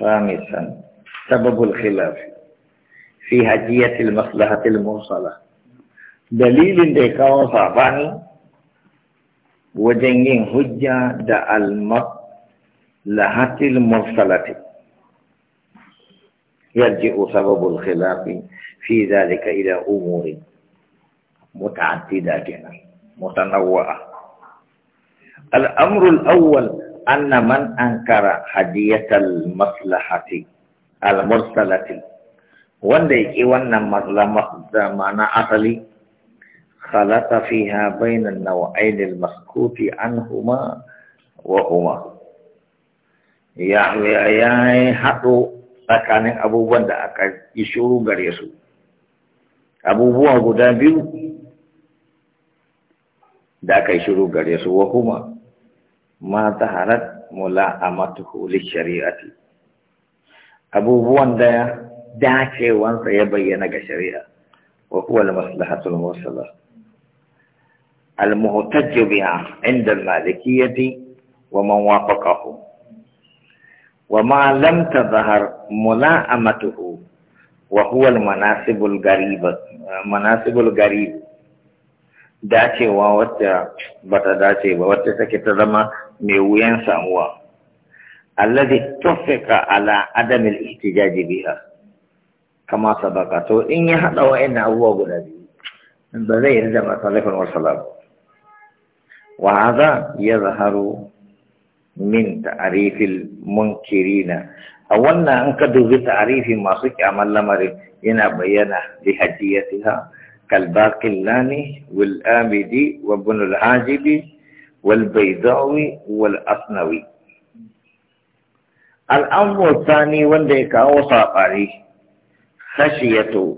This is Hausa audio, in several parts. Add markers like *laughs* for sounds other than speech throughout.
خامسا سبب الخلاف في هدية المصلحة الموصلة دليل ديكاو صعباني وجنين هجة دا المصلحة المرسلة يرجع سبب الخلاف في ذلك إلى أمور متعددة متنوعة الأمر الأول man Ankara, hadiyatal maslahati al mursalati wanda yake wannan maslama na asali khalata fiha bainan naw'ain al-maskuti anhuma wa huma ya ya hado tsakanin abubuwan da aka yi shuru gare su abubuwa guda biyu da aka yi shuru gare su wa huma ما تهرت ملاءمته للشريعه ابو بوندا داكي وانت يبين الشريعه وهو المصلحه الموصله المهتج بها عند المالكيه ومن وافقه وما لم تظهر ملاءمته وهو المناسب الغريب مناسب الغريب dacewa wacce bata dace ba wacce take ta zama mai wuyan samuwa allazi tufika ala adamil ihtijaji biha kama sabaka to in ya hada wa'annan abubuwa guda biyu ba zai yarda ba salafin wa salam wa hadha yazharu min ta'rifil munkirina a wannan an ka dubi ta'rifin masu kyaman lamarin yana bayyana li hajiyatiha كالباقلاني والآمدي وابن الحاجب والبيضاوي والأصنوي الأمر الثاني ونديك وصاقري خشية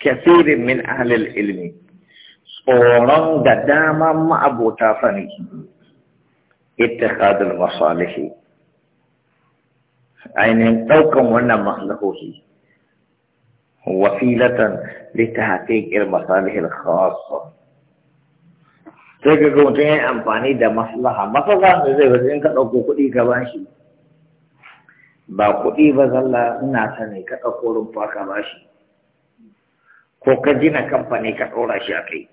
كثير من أهل العلم tsoron da daman ma'abota fani ittikhadul masalih ainihin ɗaukan wannan maslahohi wasilatan لتحقيق المصالح الخاصة. sai ka ga mutum ya amfani da maslaha maslaha da zai wajen ka ɗauko kuɗi ka ba shi ba kuɗi ba zalla ina sani ka ɗauko rumfa ka ba shi ko ka jina kamfani ka ɗora shi a kai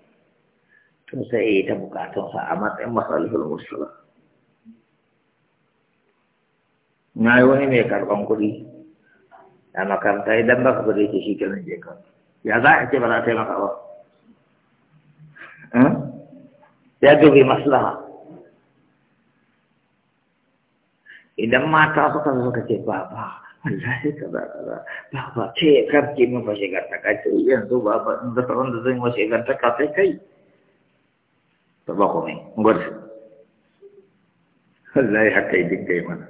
tun sai ya yi ta bukatunsa a matsayin masalihul musulun na yi wani mai karɓan kuɗi a makaranta idan baka ba zai ce shi kenan je ka ya za a ce ba za ta yi maka ba hmm? ya dubi maslaha idan mata suka zo suka ce ba ba wallahi kaza kaza ba ba ce karke min ba shigar ta ka kace yanzu ba ba in da sauran da zan yi wa shigar ta ka sai kai ta ba komai gwada wallahi haka yi dinga yi mana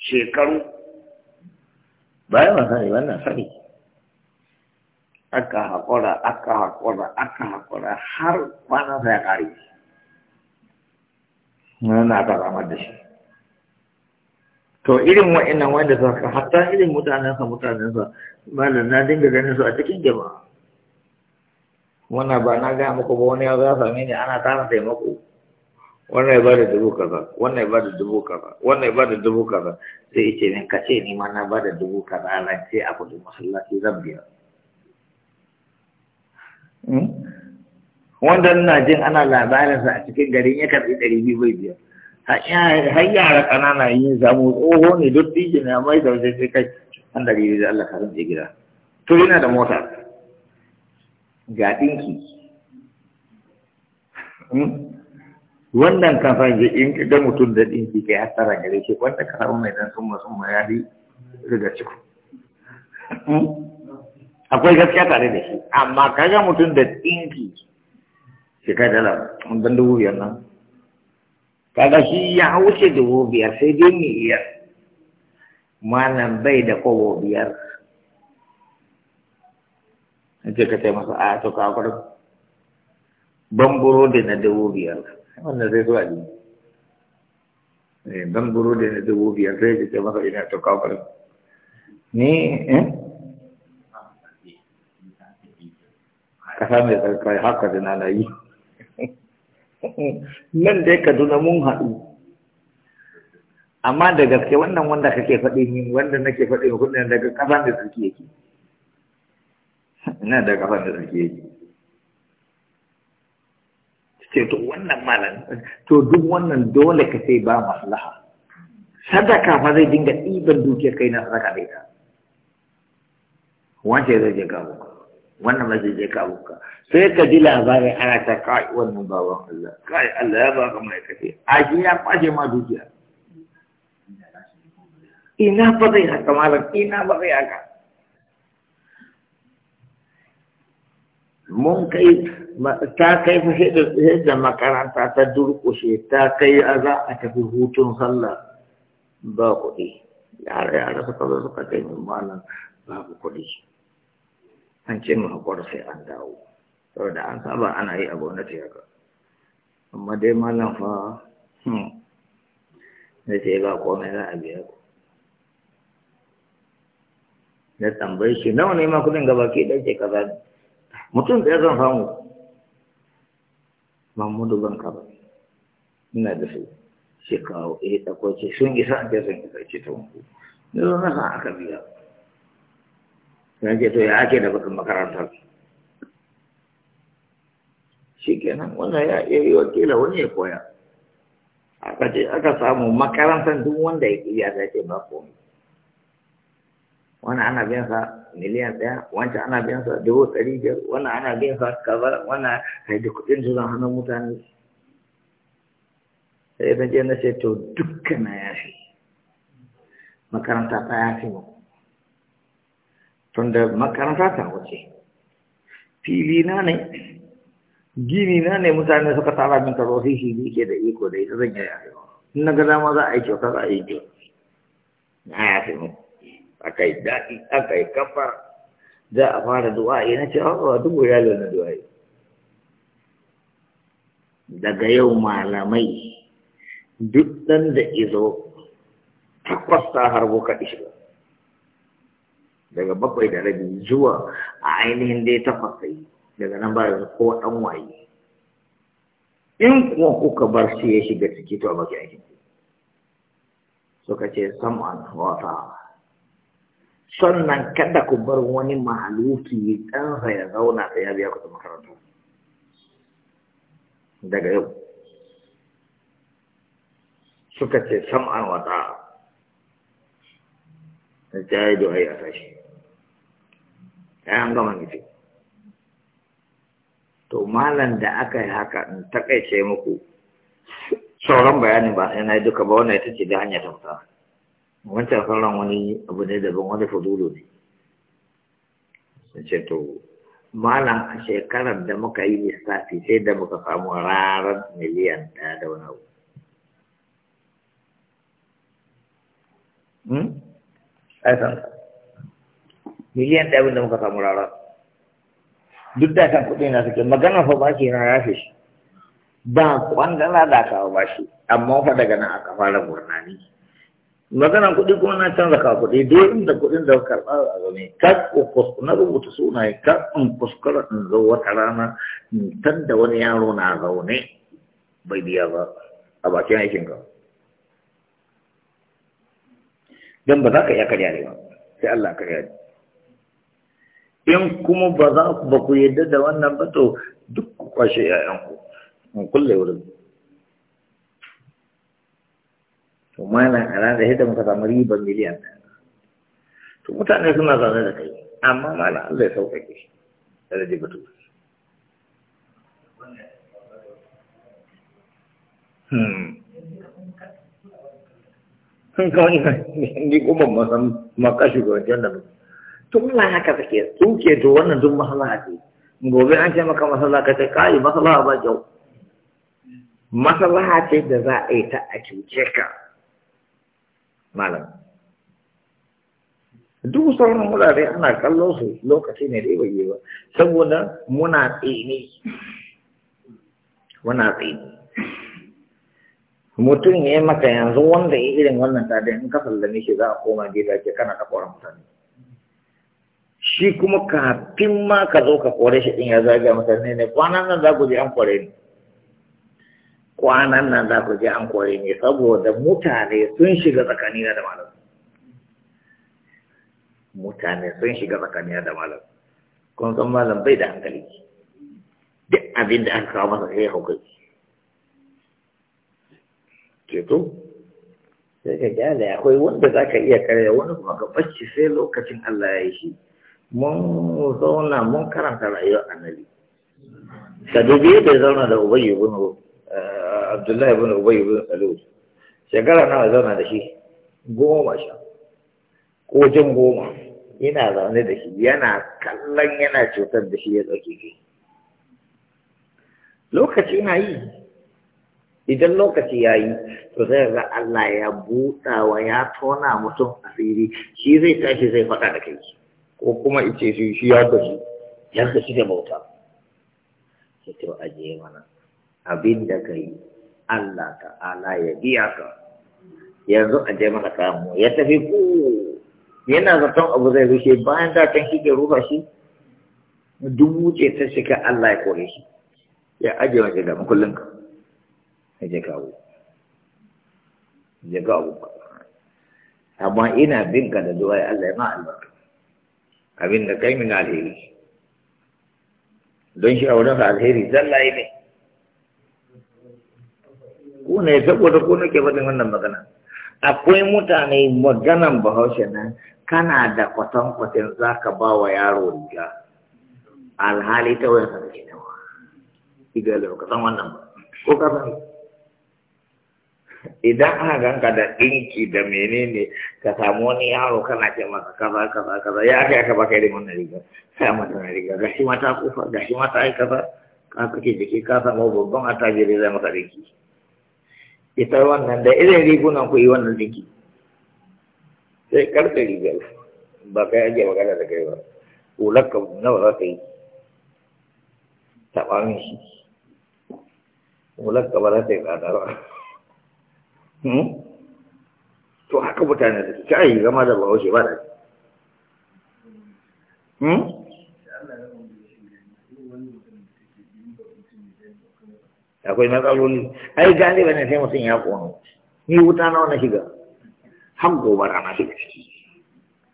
shekaru bayan ba sani wannan sani aka haƙura aka haƙura aka haƙura har kwanan sa ya ƙari na ta ramar da shi to irin wa'annan wanda ka hatta irin mutanensa mutanensa malam na dinga ganin su a cikin jama'a wannan ba na gaya muku ba wani ya za same ni ana tara taimako wannan ya bada dubu kaza wannan ya bada dubu kaza wannan ya bada dubu kaza sai ce min ka ce ni ma na bada dubu kaza ran ce a kudin masallaci zan biya hmm? wanda ina jin ana labarin sa a cikin garin ya karɓi ɗari biyu bai biya har yara ƙanana yin samu tsoho ne duk dijin ya mai da wajen sai kai an ɗari biyu da Allah ka zan je gida to yana da mota ga ɗinki hmm? wannan kan san in ka ga mutum da din ki kai hasara gare shi wanda ka samu mai dan summa summa ya bi riga ciko hmm? akwai gaskiya tare da shi amma ka ga mutum da dinki shi kai dala dan dubu biyar nan kaga shi ya wuce dubu biyar sai dai ni iya malam bai da kobo biyar ce ka taimaka a to ka bamburo da na dubu biyar wannan sai zuwa jini eh ban buru da na dubu biyar sai ji ce masa ina tuka kwari ni eh kasa mai tsarkai haka da na yi *laughs* nan dai kaduna mun haɗu amma da gaske wannan wanda kake faɗi ni, wanda nake faɗi min kudin daga kafan da sarki yake ina daga kafan da sarki yake ce to wannan malam to duk wannan dole ka sai ba maslaha sadaka fa zai dinga ɗiban dukiyar kai na sadaka da ita wance zai je kawo ka wannan ma zai je kawo ka sai ka ji labarin ana ta kai wannan baban Allah kai Allah ya baka mai kace a ji ya kwaje ma dukiya ina ba zai haka malam ina ba zai haka mun kai ta kai fashe da makaranta ta durkushe ta kai a za a tafi hutun sallah ba kuɗi yare-yare suka zo suka kai min malam babu kuɗi an ce mu haƙwar sai an dawo saboda an saba ana yi a gwamnati haka amma dai malam fa hmm, na ce ba komai za a biya ku na tambayi shi nawa ne ma kuɗin gaba ke ɗauke kaza mutum ɗaya zan samu mahmudu ban kaba ina da su shi kawo eh ɗauko ce sun isa a ce sun isa ce ta wanku ne zo na san aka biya sai ce to ya ake da bakin makarantar shi kenan wannan ya iya yi wakila wani ya koya aka aka samu makarantar duk wanda ya iya zai ce ba komai Wannan ana biyan sa miliyan ɗaya wancan ana biyan sa dubu ɗari biyar wannan ana biyan sa kaza wannan kai da kuɗin zuwa hannun mutane sai ta je na ce to dukkan na yafi makaranta ta yafi mu tunda makaranta ta wuce fili na ne gini na ne mutane suka tara min karo shi shi ke da iko da ita zan yi yafi in na ga dama za a yi kyauta za a yi kyauta na yafi mu aka yi daɗi aka yi kafa za a fara du'a'i na ce hawa dubu ya na du'a'i daga yau malamai duk ɗan da izo takwas ta harbo kaɗi shiga daga bakwai da rabi zuwa a ainihin dai takwas daga nan ba da ko ɗan waye in kuma kuka bar shi ya shiga ciki to a baki ake suka ce sam'an wata sannan kada ku bar wani mahaluki ɗansa ya zauna sai ya biya kuɗin makarantu daga yau suka ce sam'an wata na jaye da a sashi ya gama nufi to malam da aka yi haka in takaice muku sauran bayanin ba sai na yi duka ba wannan ita ce da hanya ta fita wancan sauran wani abu ne daban wani fudulu ne sun ce to malam a shekarar da muka yi lissafi sai da muka samu rarar miliyan daya da wani abu hmm? miliyan daya wanda muka samu rarar duk da kan kuɗi na suke magana fa baki na rafe shi ba kwandana da aka bashi amma fa daga nan aka fara gurnani magana kuɗi kuma na canza ka kuɗi dai inda kuɗin da karɓa a zaune ka kuskura na rubuta sunaye ka in kuskura in zo wata rana in tan da wani yaro na zaune bai biya ba a bakin aikin ka don ba za ka iya karya ne ba sai Allah karya ne in kuma ba za ku ba ku yadda da wannan ba to duk ku kwashe 'ya'yanku in kulle wurin to mana a ranar yadda muka samu ribar miliyan to mutane suna zaune da kai amma malam Allah ya sauƙaƙe shi da jibi batu hmm. kawai ni kuma masan makashi ga wajen da tun na haka take tsuke to wannan duk masala ce gobe an ce maka masala ka ce kai masala ba kyau. masala ce da za a yi ta a cuce ka malam duk sauran wurare ana kallo su lokaci ne da bai ba saboda muna tsini muna tsini mutum ne maka yanzu wanda ya irin wannan tada in ka sallame shi za a koma gida ke kana ta koran mutane shi kuma kafin ma ka zo ka kore shi ɗin ya zaga mutane ne kwanan nan za ku je an kore ni kwanan nan za ku je an kore ne saboda mutane sun shiga tsakani da malam mutane sun shiga tsakani da malam kun san malam bai da hankali duk abin da aka kawo masa sai ya hauka to sai ka gyara akwai wanda za ka iya karya wani kuma ka bacci sai lokacin Allah ya yi shi mun zauna mun karanta rayuwar annabi ka dubi yadda zauna da ubayi ibn eh, abdullahi bin ubay bin salul shekara na zauna da shi goma sha ko jin goma ina zaune da shi yana kallon yana cutar da shi ya tsaki ke lokaci na yi idan lokaci ya yi to zai ga Allah ya buɗa wa ya tona mutum asiri shi zai tashi zai faɗa da kai ko kuma ice shi shi ya gaji ya gaji da bauta sai to aje mana abin da ka Allah ta'ala ya biya ka yanzu a je maka samu ya tafi ku yana zaton abu zai rushe bayan da kan kike rufa shi dubu ce ta shiga Allah ya kore shi ya aje wa da makullin ka ya je kawo ya ga amma ina bin ka da zuwa Allah ya ma albarka abin da kai min alheri don shi a wurin alheri zalla ne Ko ne saboda ko nake faɗin wannan magana akwai mutane maganan bahaushe na kana da kwatankwatin za ka ba wa yaro riga alhali ta wani sa take nawa igalo ka san wannan ba ko ka san idan aka ganka da ɗinki da menene ka samu wani yaro kana ce masa kaza kaza kaza ya kai aka baka irin wannan riga sai mata na riga gashi mata kofa gashi mata ai kaza ka kake jiki ka samu babban attajiri zai maka ɗinki ita wannan da irin rigunan ku yi wannan jiki. sai karfe rigar ba kai ake magana da kai ba hular ka nawa za ka yi taɓa min shi hular ka ba za ta yi tsada ba hmm? to haka mutane da ta yi zama da bahaushe ba da shi hmm? akwai matsaloli ai gane ba ne sai mutum ya kono ni wuta nawa na shiga har gobe rana shiga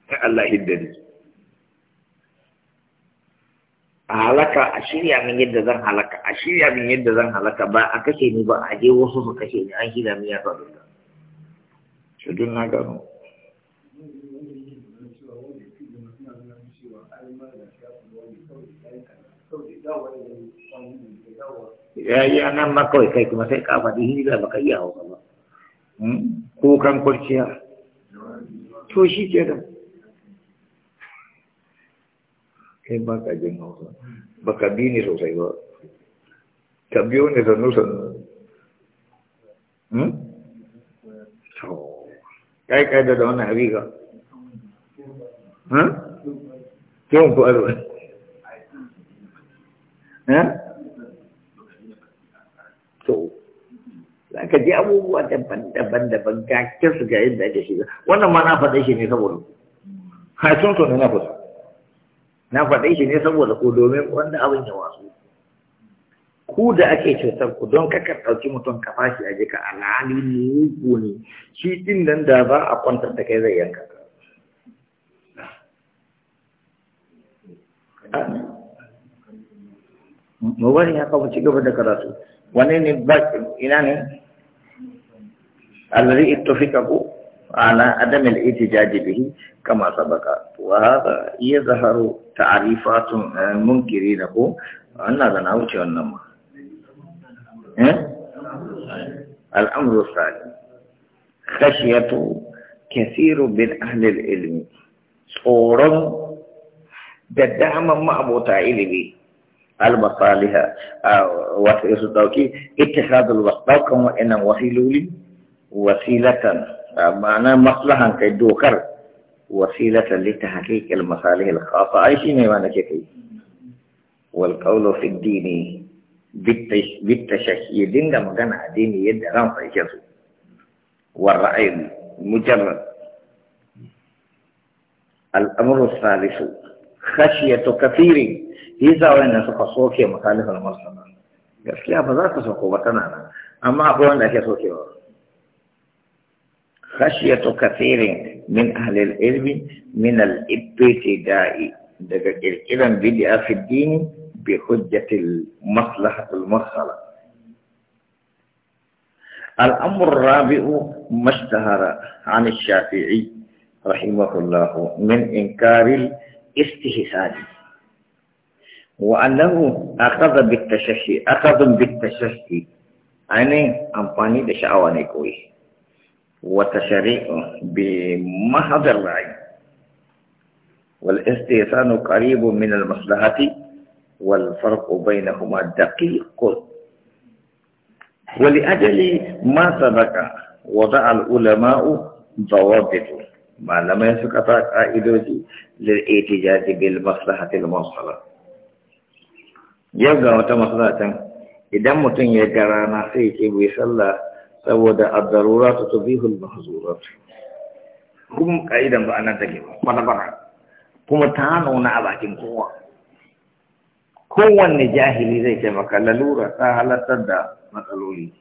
sai Allah ne. a halaka a shirya min yadda zan halaka a shirya min yadda zan halaka ba a kashe ni ba a je wasu su kashe ni an shirya min ya sa duka su dun na gano Thank you. ya yi nan ma kai kuma sai ka faɗi baka iya hauka ba hmm? kukan kurciya to shi ke da kai ba ka jin ba ka bi sosai ba ka biyo sannu sannu kai hmm? kai da wannan ha? Hmm? ku arwa. *laughs* Ha? Eh? ka ji abubuwa daban-daban daban ga kirsu ga yadda ake shiga wannan ma na faɗa shi ne saboda ha sun to ne na faɗa na faɗa shi ne saboda ku domin wanda abin ya wasu ku da ake cutar ku don kaka ɗauki mutum ka fashi a jika alhali mugu ne shi ɗin nan da ba a kwantar da kai zai yanka ah. mu bari ya kawo ci gaba da karatu wani ne ba ina ne الذي اتفق على عدم الاحتجاج به كما سبق وهذا يظهر تعريفات المنكرين له أن هذا نعوش والنمى إيه؟ الأمر الثاني خشية كثير من أهل العلم صورا بدعم مع بوتا المصالحة المصالح آه، وفي اتخاذ الوقت كما إن وحيلولي وسيلة آه، معنى مصلحة كي دوكر وسيلة لتحقيق المصالح الخاصة أي شيء ما نشكي والقول في الدين بالتش... دين ده مجانا دين يد رمضة يجزو والرأي مجرد الأمر الثالث خشية كثير إذا وين سقصوك مخالف المصلحة قال لا بذاك سقوبتنا أما أقول لك يا سوكي خشية كثير من أهل العلم من الابتداء إذا بدأ في الدين بحجة المصلحة المرسلة الأمر الرابع ما اشتهر عن الشافعي رحمه الله من إنكار الاستهسان وأنه أخذ بالتشهي أخذ بالتشهي يعني أمباني دشعواني كويس وتشريعه بمحض الرعي والاستيثان قريب من المصلحة والفرق بينهما دقيق ولأجل ما سبق وضع العلماء ضوابط ما لم يسقط قائدوجي للاحتجاج بالمصلحة الموصلة يبقى متى مصلحة إذا متن يجرى سيكي بيصلى saboda a darura ta tubihu al-mahzurat kuma kaidan ba a nan take ba kwana bara kuma ta nuna a bakin kowa kowanne jahili zai taimaka maka lalura ta halartar da matsaloli